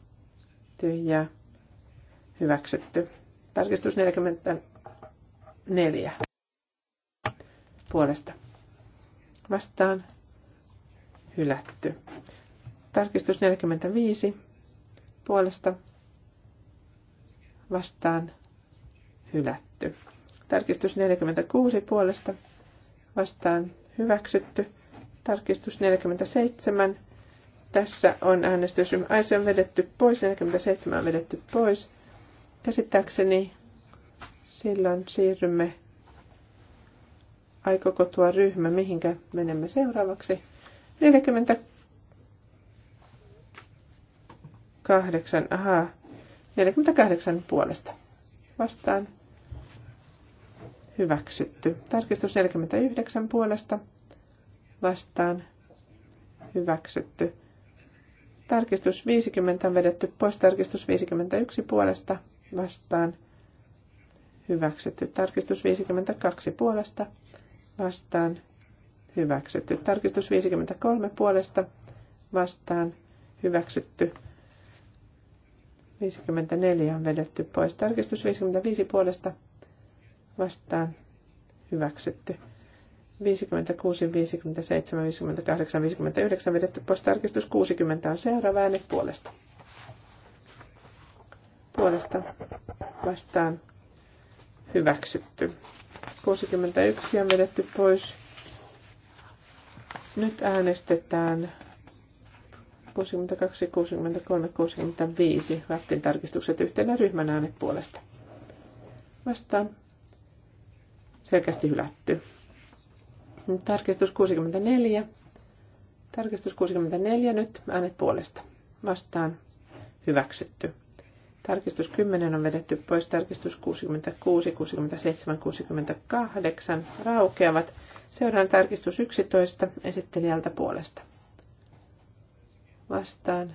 tyhjää Hyväksytty. Tarkistus 44. Puolesta. Vastaan. Hylätty. Tarkistus 45. Puolesta. Vastaan. Hylätty. Tarkistus 46 puolesta vastaan hyväksytty. Tarkistus 47. Tässä on äänestys Aise on vedetty pois, 47 on vedetty pois. Käsittääkseni silloin siirrymme, aikoko tuo ryhmä, mihinkä menemme seuraavaksi. 48, aha, 48 puolesta vastaan hyväksytty. Tarkistus 49 puolesta vastaan hyväksytty. Tarkistus 50 on vedetty pois. Tarkistus 51 puolesta vastaan hyväksytty. Tarkistus 52 puolesta vastaan hyväksytty. Tarkistus 53 puolesta vastaan hyväksytty. 54 on vedetty pois. Tarkistus 55 puolesta vastaan hyväksytty. 56, 57, 58, 59 vedetty pois. Tarkistus 60 on seuraava ääne puolesta puolesta vastaan hyväksytty. 61 on vedetty pois. Nyt äänestetään 62, 63, 65 rattin tarkistukset yhtenä ryhmän äänet puolesta. Vastaan selkeästi hylätty. Tarkistus 64. Tarkistus 64 nyt äänet puolesta. Vastaan hyväksytty. Tarkistus 10 on vedetty pois, tarkistus 66, 67, 68 raukeavat. Seuraan tarkistus 11 esittelijältä puolesta. Vastaan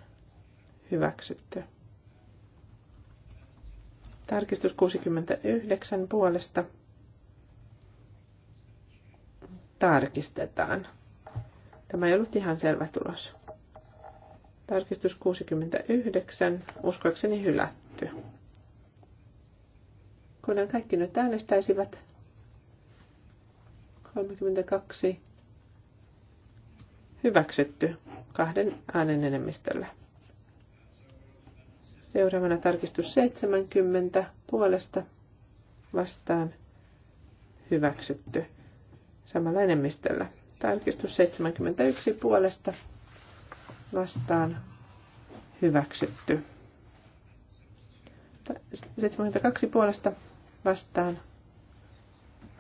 hyväksytty. Tarkistus 69 puolesta tarkistetaan. Tämä ei ollut ihan selvä tulos. Tarkistus 69, uskoakseni hylätty. Kunhan kaikki nyt äänestäisivät, 32 hyväksytty kahden äänen enemmistöllä. Seuraavana tarkistus 70 puolesta vastaan hyväksytty samalla enemmistöllä. Tarkistus 71 puolesta vastaan hyväksytty. 72 puolesta vastaan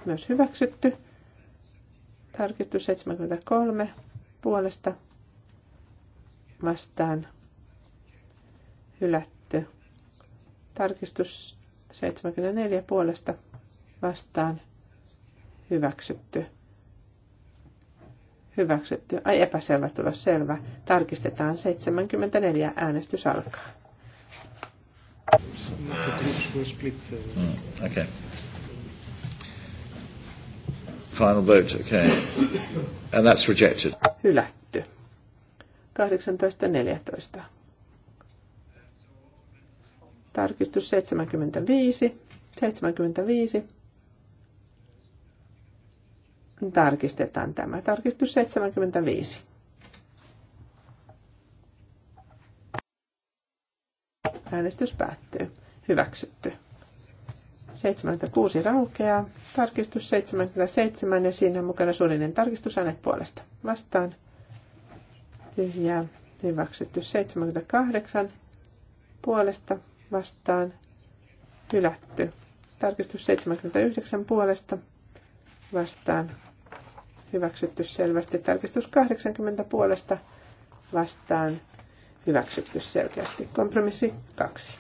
myös hyväksytty. Tarkistus 73 puolesta vastaan hylätty. Tarkistus 74 puolesta vastaan hyväksytty. Hyväksytty. Ai epäselvä tulos selvä. Tarkistetaan 74. Äänestys alkaa. Mm, okay. Final vote, okay. And that's rejected. Hylätty. 18.14. Tarkistus 75. 75 tarkistetaan tämä. Tarkistus 75. Äänestys päättyy. Hyväksytty. 76 raukeaa. Tarkistus 77 ja siinä mukana suullinen tarkistus äänet puolesta. Vastaan. Tyhjää. Hyväksytty 78 puolesta vastaan. Hylätty. Tarkistus 79 puolesta vastaan hyväksytty selvästi. Tarkistus 80 puolesta vastaan hyväksytty selkeästi. Kompromissi 2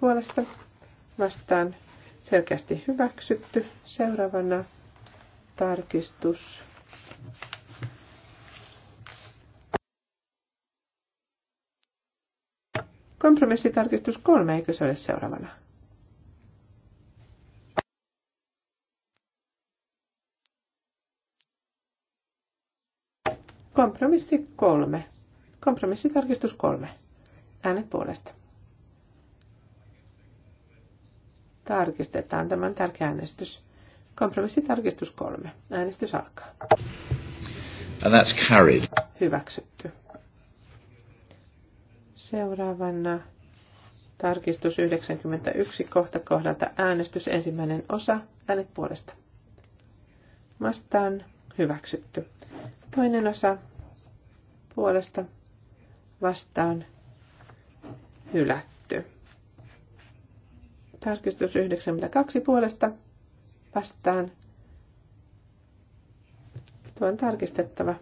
puolesta vastaan selkeästi hyväksytty. Seuraavana tarkistus. Kompromissitarkistus kolme, eikö se ole seuraavana? Kompromissi kolme. Kompromissitarkistus kolme. Äänet puolesta. Tarkistetaan tämän tärkeä äänestys. Kompromissitarkistus kolme. Äänestys alkaa. And that's carried. Hyväksytty. Seuraavana tarkistus 91 kohta kohdalta äänestys ensimmäinen osa. Äänet puolesta. Vastaan hyväksytty. Toinen osa puolesta vastaan hylätty. Tarkistus 92 puolesta vastaan. Tuo on tarkistettava.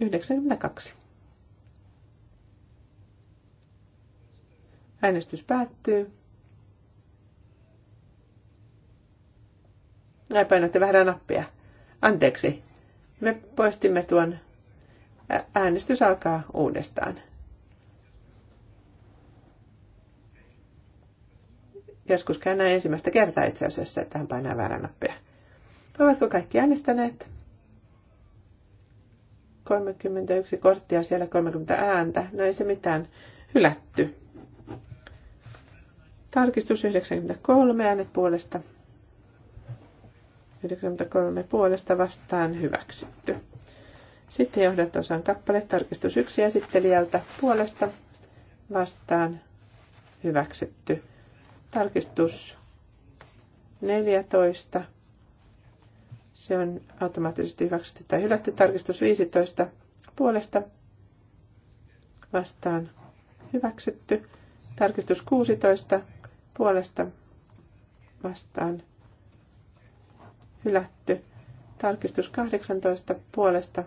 92. Äänestys päättyy. Ai painatte vähän nappia. Anteeksi. Me poistimme tuon. Äänestys alkaa uudestaan. Joskus käy näin ensimmäistä kertaa itse asiassa, että hän painaa väärän nappia. Ovatko kaikki äänestäneet? 31 korttia, siellä 30 ääntä. No ei se mitään hylätty. Tarkistus 93, äänet puolesta 93 puolesta vastaan hyväksytty. Sitten johdantosan kappale tarkistus 1 esittelijältä puolesta vastaan hyväksytty. Tarkistus 14. Se on automaattisesti hyväksytty tai hylätty. Tarkistus 15 puolesta vastaan hyväksytty. Tarkistus 16 puolesta vastaan hyväksytty hylätty. Tarkistus 18 puolesta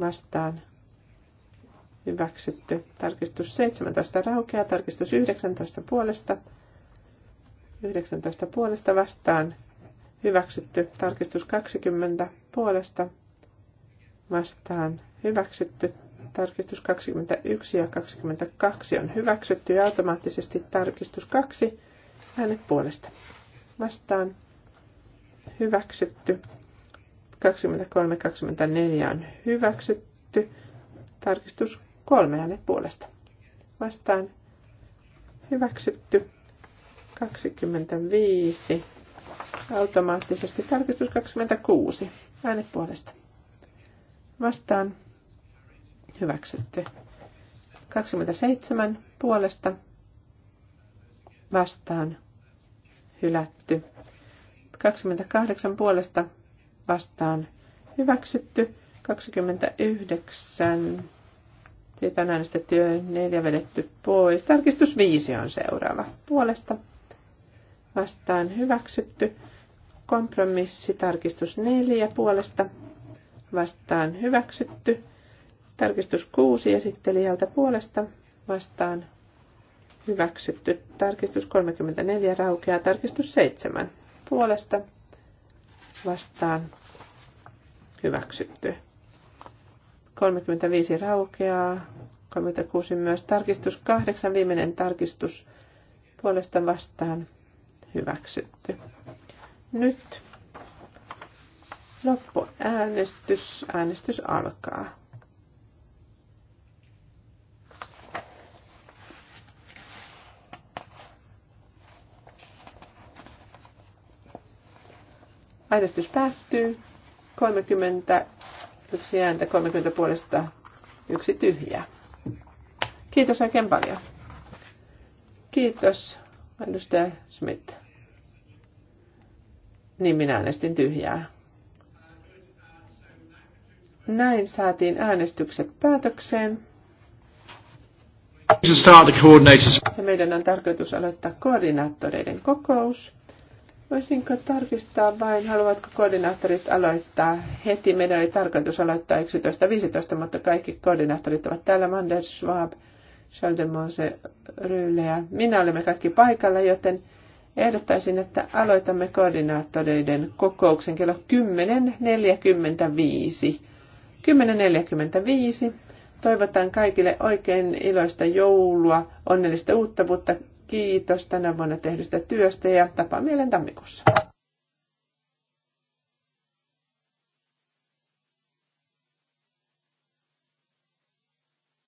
vastaan hyväksytty. Tarkistus 17 raukeaa, tarkistus 19 puolesta, 19 puolesta vastaan hyväksytty. Tarkistus 20 puolesta vastaan hyväksytty. Tarkistus 21 ja 22 on hyväksytty ja automaattisesti tarkistus 2 äänet puolesta vastaan hyväksytty. 23-24 on hyväksytty. Tarkistus kolme hänet puolesta. Vastaan hyväksytty. 25. Automaattisesti tarkistus 26. Äänet puolesta. Vastaan hyväksytty. 27 puolesta vastaan hylätty. 28 puolesta vastaan hyväksytty. 29. Siitä on äänestetty 4 vedetty pois. Tarkistus 5 on seuraava puolesta vastaan hyväksytty. Kompromissi tarkistus 4 puolesta vastaan hyväksytty. Tarkistus 6 esittelijältä puolesta vastaan hyväksytty. Tarkistus 34 raukeaa. Tarkistus 7 puolesta vastaan hyväksytty. 35 raukeaa, 36 myös tarkistus, 8 viimeinen tarkistus puolesta vastaan hyväksytty. Nyt loppuäänestys, äänestys alkaa. Äänestys päättyy. 31 ääntä, 30 puolesta, yksi tyhjää. Kiitos oikein paljon. Kiitos, edustaja Smith. Niin minä äänestin tyhjää. Näin saatiin äänestykset päätökseen. Ja meidän on tarkoitus aloittaa koordinaattoreiden kokous. Voisinko tarkistaa vain, haluavatko koordinaattorit aloittaa heti? Meidän oli tarkoitus aloittaa 11.15, mutta kaikki koordinaattorit ovat täällä. Manders, Schwab, Schaldemose, Ryyle ja minä olemme kaikki paikalla, joten ehdottaisin, että aloitamme koordinaattoreiden kokouksen kello 10.45. 10.45. Toivotan kaikille oikein iloista joulua, onnellista uutta vuotta, kiitos tänä vuonna tehdystä työstä ja tapaan mielen tammikuussa.